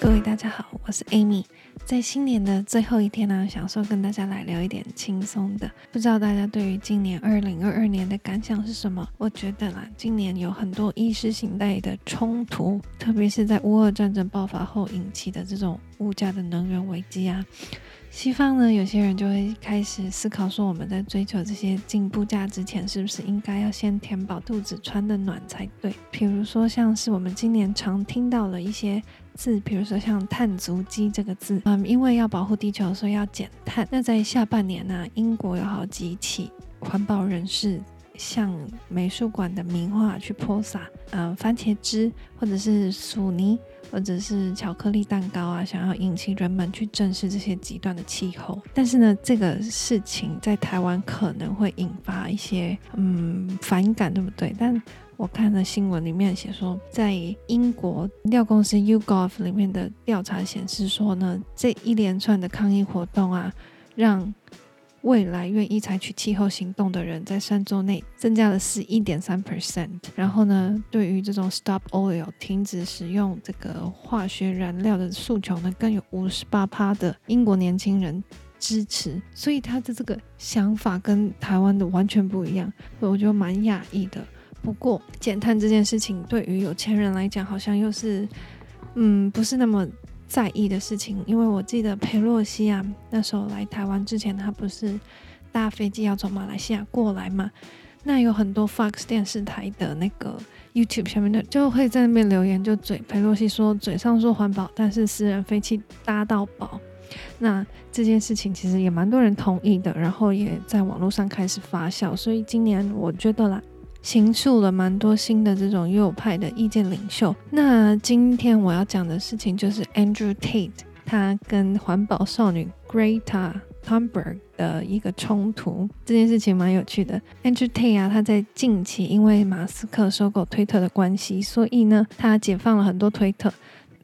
各位大家好，我是 Amy。在新年的最後一天呢，想說跟大家來聊一點輕鬆的。不知道大家對於今年二零二二年的感想是什麼？我覺得啦，今年有很多意識形態的衝突，特別是在烏俄戰爭爆發後引起的這種物價的能源危機啊。西方呢，有些人就會開始思考說，我們在追求這些進步價值之前，是不是應該要先填飽肚子、穿得暖才對？比如說，像是我們今年常聽到的一些。字，比如說像“碳足跡”這個字，嗯，因為要保護地球，所以要減碳。那在下半年呢，啊，英國有好幾起環保人士向美術館的名畫去潑灑，嗯，番茄汁，或者是薯泥，或者是巧克力蛋糕啊，想要引起人們去正視這些極端的氣候。但是呢，這個事情在台灣可能會引發一些嗯，反感，對不對？但我看了新聞裡面寫說，在英國料公司 YouGov 裡面的調查顯示說呢，這一連串的抗議活動啊，讓未來願意採取氣候行動的人在三周內增加了十一點三 percent。然後呢，對於這種 Stop Oil 停止使用這個化學燃料的訴求呢，更有五十八趴的英國年輕人支持。所以他的這個想法跟台灣的完全不一樣，所以我覺得蠻訝異的。不過，減碳這件事情對於有錢人來講，好像又是，嗯，不是那麼在意的事情。因為我記得佩洛西啊，那時候來台灣之前，他不是搭飛機要從馬來西亞過來嘛？那有很多 Fox 電視台的那個 YouTube 下面的就會在那邊留言，就嘴佩洛西說嘴上說環保，但是私人飛機搭到飽。那這件事情其實也蠻多人同意的，然後也在網絡上開始發酵。所以今年我覺得啦。傾訴了蠻多新的這種右派的意見領袖。那今天我要講的事情就是 Andrew Tate，他跟環保少女 Greta Thunberg 的一個衝突，這件事情蠻有趣的。Andrew Tate 啊，他在近期因為馬斯克收購推特的關係，所以呢，他解放了很多推特。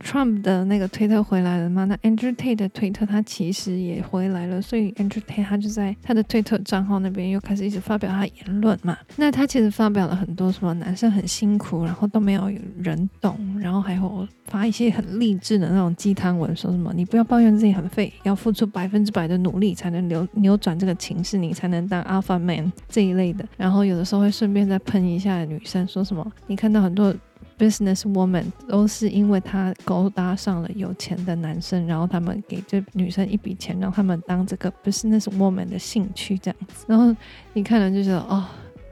Trump 的那個推特回來了嗎？那 Andrew Tate 的推特他其實也回來了，所以 Andrew Tate 他就在他的推特賬號那邊又開始一直發表他的言論嘛。那他其實發表了很多什麼男生很辛苦，然後都沒有人懂，然後還會發一些很勵志的那種雞湯文，說什麼你不要抱怨自己很廢，要付出百分之百的努力才能扭扭轉這個情勢，你才能當 Alpha Man 這一類的。然後有的時候會順便再噴一下女生，說什麼你看到很多。Business woman 都是因為她勾搭上了有錢的男生，然後他們給這女生一筆錢，讓他們當這個 business woman 的興趣這樣子。然後你看了就覺得，哦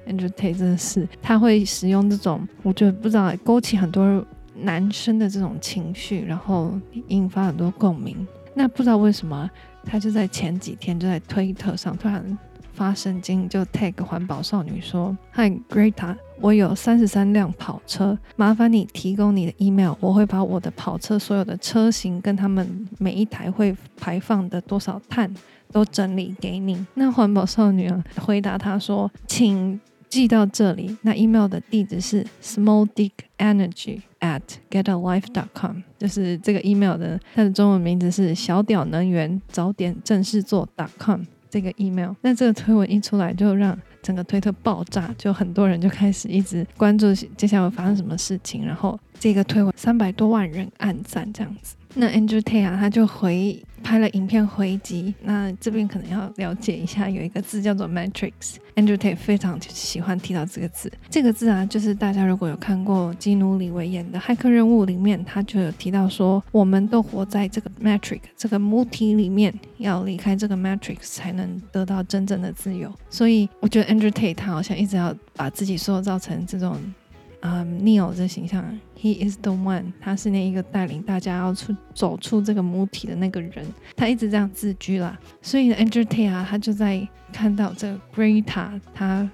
，Andrew Tate 真的是，他會使用這種，我覺得不知道勾起很多男生的這種情緒，然後引發很多共鳴。那不知道為什麼，他就在前幾天就在推特上突然發神經，就 tag 環保少女說：“Hi，Greta。Hi, ”我有三十三輛跑車，麻煩你提供你的 email，我會把我的跑車所有的車型跟他們每一台會排放的多少碳都整理給你。那環保少女、啊、回答他說：“請寄到這裡，那 email 的地址是 small dick energy at getalife dot com，就是這個 email 的，它的中文名字是小屌能源早點正式做 dot com。”這個 email，那這個推文一出來就讓整個推特爆炸，就很多人就開始一直關注接下來發生什麼事情，然後這個推文三百多萬人按讚這樣子，那 Andrew Tate 他就回。拍了影片回擊，那這邊可能要了解一下，有一個字叫做 Matrix，Andrew Tate 非常就喜歡提到這個字。這個字啊，就是大家如果有看過基努李維演的《駭客任務》裡面，他就有提到說，我們都活在這個 Matrix 這個母體裡面，要離開這個 Matrix 才能得到真正的自由。所以我覺得 Andrew Tate 他好像一直要把自己塑造成這種。啊 Neo 這形象，He is the one，他是那一個帶領大家要出走出這個母體的那個人，他一直這樣自居啦。所以 Andrew Tate 他就在看到這個 Greta，他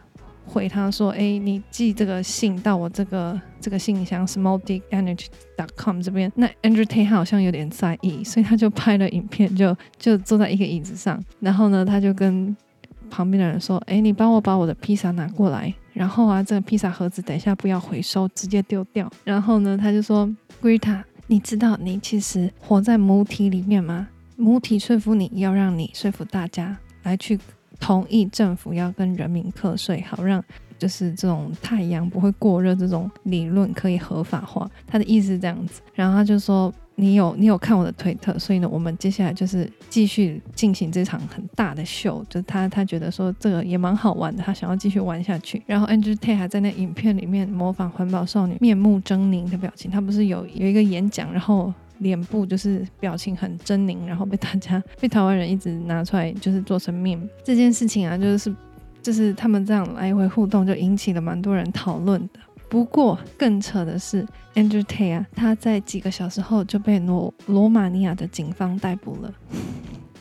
回他說，哎、欸，你寄這個信到我這個這個信箱 smalldickenergy.com 這邊。那 Andrew Tate 他好像有點在意，所以他就拍了影片就，就就坐在一個椅子上，然後呢，他就跟旁邊的人說，哎、欸，你幫我把我的披薩拿過來。然後啊，這個披薩盒子等一下不要回收，直接丟掉。然後呢，他就說：“Greta，你知道你其實活在母體裡面嗎？母體說服你要讓你說服大家來去同意政府要跟人民課稅，好讓就是這種太陽不會過熱這種理論可以合法化。”他的意思是這樣子。然後他就說。你有你有看我的推特，所以呢，我們接下來就是繼續進行這場很大的秀。就他他覺得說，這個也蠻好玩的，他想要繼續玩下去。然後 Andrew Tate 還在那影片裡面模仿環保少女面目猙獰的表情。他不是有有一個演講，然後臉部就是表情很猙獰，然後被大家被台灣人一直拿出來就是做成 meme。這件事情啊，就是就是他們這樣來回互動，就引起了蠻多人討論的。不過更扯的是，Andrew Tate 啊，他在幾個小時後就被羅羅馬尼亞的警方逮捕了。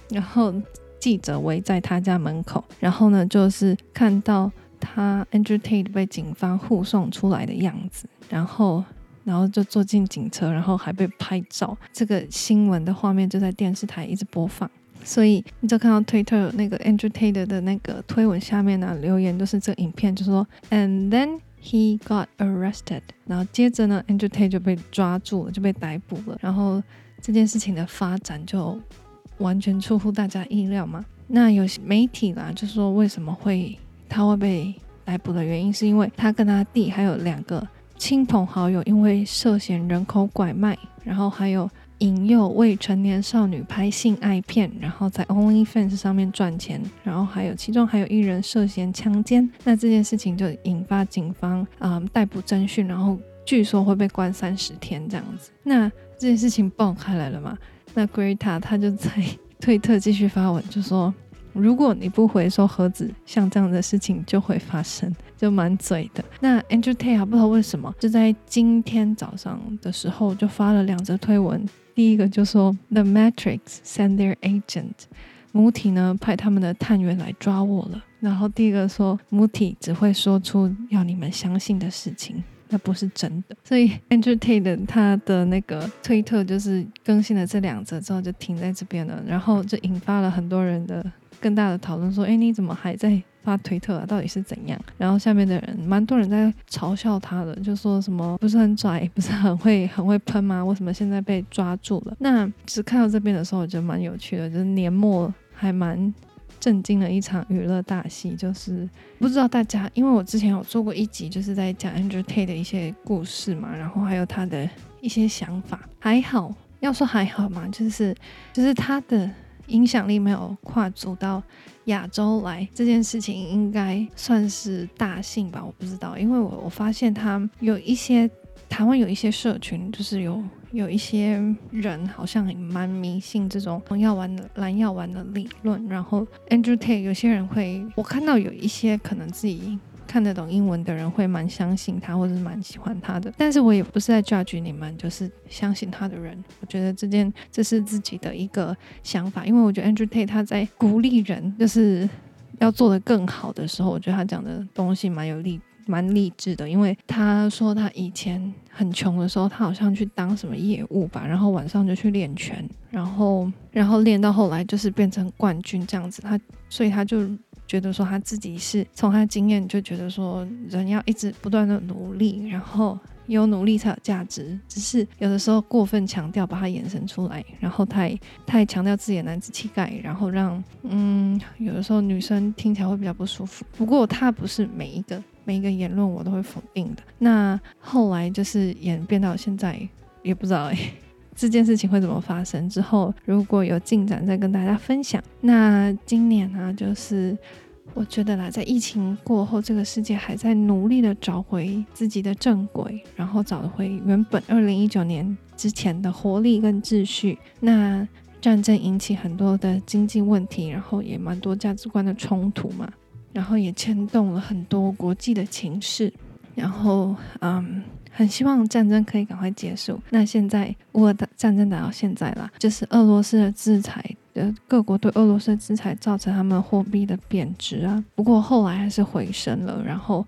然後記者圍在他家門口，然後呢，就是看到他 Andrew Tate 被警方護送出來的樣子，然後然後就坐進警車，然後還被拍照。這個新聞的畫面就在電視臺一直播放，所以你就看到 Twitter 那個 Andrew Tate 的那個推文下面呢啊，留言就是這影片，就說 And then。He got arrested，然後接着呢，Andrew Tate 就被抓住了，就被逮捕了。然後這件事情的發展就完全出乎大家意料嘛。那有些媒體啦，就說為什麼會他會被逮捕的原因，是因為他跟他弟還有兩個親朋好友，因為涉嫌人口拐賣，然後還有。引誘未成年少女拍性愛片，然後在 OnlyFans 上面賺錢，然後還有其中還有一人涉嫌強姦。那這件事情就引發警方啊、呃、逮捕偵訊，然後據說會被關三十天這樣子。那這件事情爆、bon、開來了嘛？那 Greta 她就在推特繼續發文，就說：如果你不回收盒子，像這樣的事情就會發生。就蠻嘴的。那 Andrew Tate 啊不知道為什麼，就在今天早上的時候就發了兩則推文。第一個就說 The Matrix send their agent，母體呢派他們的探員來抓我了。然後第一個說母體只會說出要你們相信的事情，那不是真的。所以 Andrew Tate 的他的那個推特就是更新了這兩則之後就停在這邊了，然後就引發了很多人的更大的討論，說：哎，你怎麼還在？發推特啊，到底是怎樣？然後下面的人蠻多人在嘲笑他的，就說什麼不是很拽，不是很會很會噴嗎？為什麼現在被抓住了？那只看到這邊的時候，我覺得蠻有趣的，就是年末還蠻震驚的一場娛樂大戲。就是不知道大家，因為我之前有做過一集，就是在講 Andrew Tate 的一些故事嘛，然後還有他的一些想法。還好，要說還好嘛，就是就是他的。影響力沒有跨足到亞洲來這件事情，應該算是大幸吧？我不知道，因為我我發現他有一些台灣有一些社群，就是有有一些人好像很蠻迷信這種紅藥丸的藍藥丸的理論，然後 Andrew Tate 有些人會，我看到有一些可能自己。看得懂英文的人會蠻相信他，或者是蠻喜歡他的。但是我也不是在 judge 你們，就是相信他的人。我覺得這件，這是自己的一個想法，因為我覺得 Andrew Tate 他在鼓勵人，就是要做得更好的時候，我覺得他講的東西蠻有力，蠻勵志的。因為他說他以前很窮的時候，他好像去當什麼業務吧，然後晚上就去練拳，然後然後練到後來就是變成冠軍這樣子。他所以他就。覺得說他自己是從他的經驗就覺得說，人要一直不斷的努力，然後有努力才有價值。只是有的時候過分強調把它延伸出來，然後太太強調自己的男子氣概，然後讓嗯有的時候女生聽起來會比較不舒服。不過他不是每一個每一個言論我都會否定的。那後來就是演變到現在也不知道哎、欸。這件事情會怎麼發生？之後如果有進展，再跟大家分享。那今年呢、啊，就是我覺得啦，在疫情過後，這個世界還在努力的找回自己的正軌，然後找回原本二零一九年之前的活力跟秩序。那戰爭引起很多的經濟問題，然後也蠻多價值觀的衝突嘛，然後也牽動了很多國際的情勢。然後，嗯，很希望戰爭可以趕快結束。那現在烏俄的戰爭打到現在了，就是俄羅斯的制裁，呃，各國對俄羅斯的制裁造成他們貨幣的貶值啊。不過後來還是回升了。然後，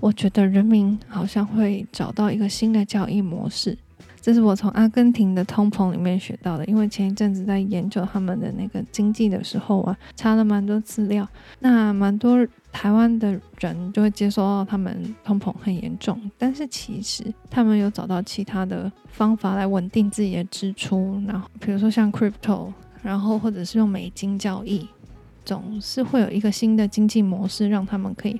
我覺得人民好像會找到一個新的交易模式。這是我從阿根廷的通膨裡面學到的，因為前一陣子在研究他們的那個經濟的時候啊，查了蠻多資料。那蠻多台灣的人就會接收到他們通膨很嚴重，但是其實他們有找到其他的方法來穩定自己的支出，然後比如說像 Crypto，然後或者是用美金交易，總是會有一個新的經濟模式讓他們可以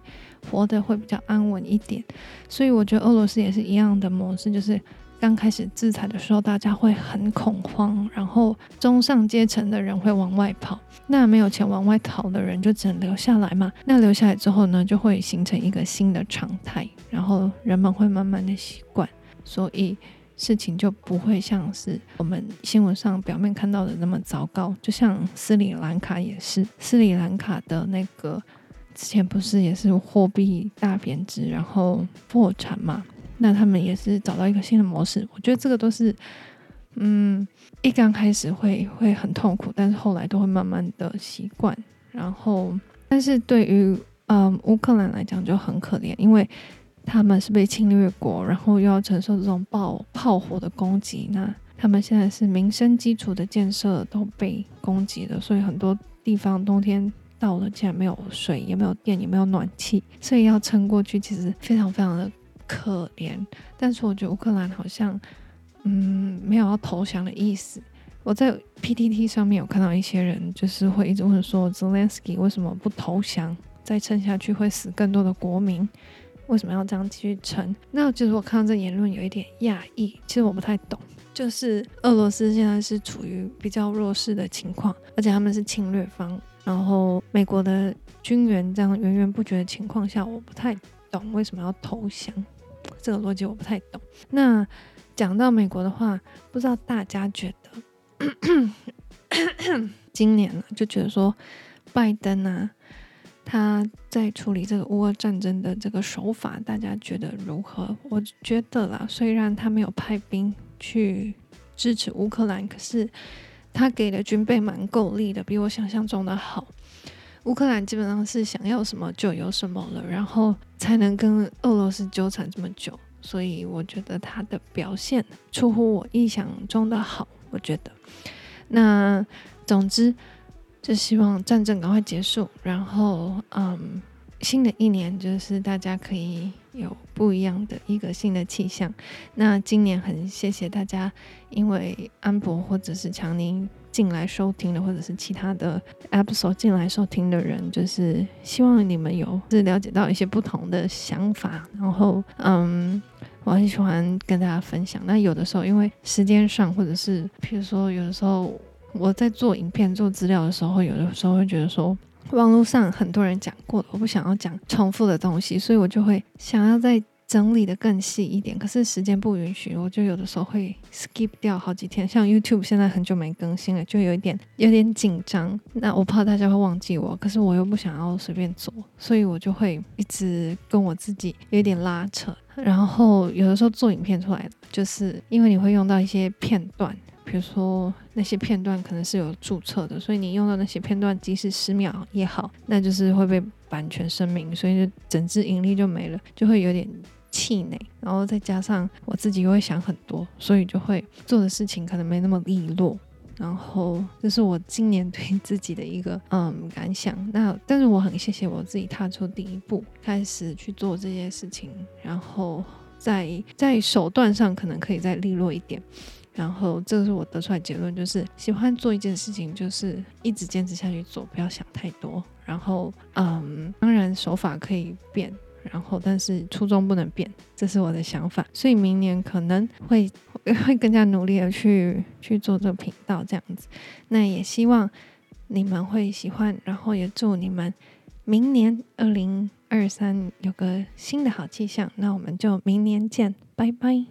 活得會比較安穩一點。所以我覺得俄羅斯也是一樣的模式，就是。剛開始制裁的時候，大家會很恐慌，然後中上階層的人會往外跑，那沒有錢往外逃的人就只能留下來嘛。那留下來之後呢，就會形成一個新的常態，然後人們會慢慢的習慣，所以事情就不會像是我們新聞上表面看到的那麼糟糕。就像斯里蘭卡也是，斯里蘭卡的那個之前不是也是貨幣大貶值，然後破產嘛。那他們也是找到一個新的模式，我覺得這個都是，嗯，一剛開始會會很痛苦，但是後來都會慢慢的習慣。然後，但是對於嗯、呃、烏克蘭來講就很可憐，因為他們是被侵略國，然後又要承受這種爆炮火的攻擊。那他們現在是民生基礎的建設都被攻擊了，所以很多地方冬天到了竟然沒有水，也沒有電，也沒有暖氣，所以要撐過去其實非常非常的。可憐，但是我覺得烏克蘭好像，嗯，沒有要投降的意思。我在 PTT 上面有看到一些人，就是會一直問說，Zelensky，為什麼不投降？再撐下去會死更多的國民，為什麼要這樣繼續撐？那就是我看到這言論有一點訝異。其實我不太懂，就是俄羅斯現在是處於比較弱勢的情況，而且他們是侵略方，然後美國的軍援這樣源源不絕的情況下，我不太懂為什麼要投降。這個邏輯我不太懂。那講到美國的話，不知道大家覺得 今年呢、啊，就覺得說拜登呢、啊，他在處理這個烏俄戰爭的這個手法，大家覺得如何？我覺得啦，雖然他沒有派兵去支持烏克蘭，可是他給的軍備蠻夠力的，比我想象中的好。烏克蘭基本上是想要什麼就有什麼了，然後才能跟俄羅斯糾纏這麼久。所以我覺得他的表現出乎我意想中的好。我覺得，那總之就希望戰爭趕快結束，然後嗯，新的一年就是大家可以。有不一樣的一個新的氣象。那今年很謝謝大家，因為安博或者是強尼進來收聽的，或者是其他的 episode 進來收聽的人，就是希望你們有是了解到一些不同的想法。然後，嗯，我很喜歡跟大家分享。那有的時候，因為時間上，或者是譬如說，有的時候我在做影片、做資料的時候，有的時候會覺得說。網絡上很多人講過，我不想要講重複的東西，所以我就會想要再整理得更細一點。可是時間不允許，我就有的時候會 skip 掉好幾天。像 YouTube 現在很久沒更新了，就有一點有點緊張。那我怕大家會忘記我，可是我又不想要隨便做，所以我就會一直跟我自己有一點拉扯。然後有的時候做影片出來的，就是因為你會用到一些片段。比如說那些片段可能是有註冊的，所以你用到那些片段，即使十秒也好，那就是會被版權聲明，所以就整支盈利就沒了，就會有點氣餒。然後再加上我自己又會想很多，所以就會做的事情可能沒那麼利落。然後這是我今年對自己的一個嗯感想。那但是我很謝謝我自己踏出第一步，開始去做這些事情，然後在在手段上可能可以再利落一點。然後，這是我得出來的結論，就是喜歡做一件事情，就是一直堅持下去做，不要想太多。然後，嗯，當然手法可以變，然後但是初衷不能變，這是我的想法。所以明年可能會會更加努力的去去做這個頻道這樣子。那也希望你們會喜歡，然後也祝你們明年二零二三有個新的好氣象。那我們就明年見，拜拜。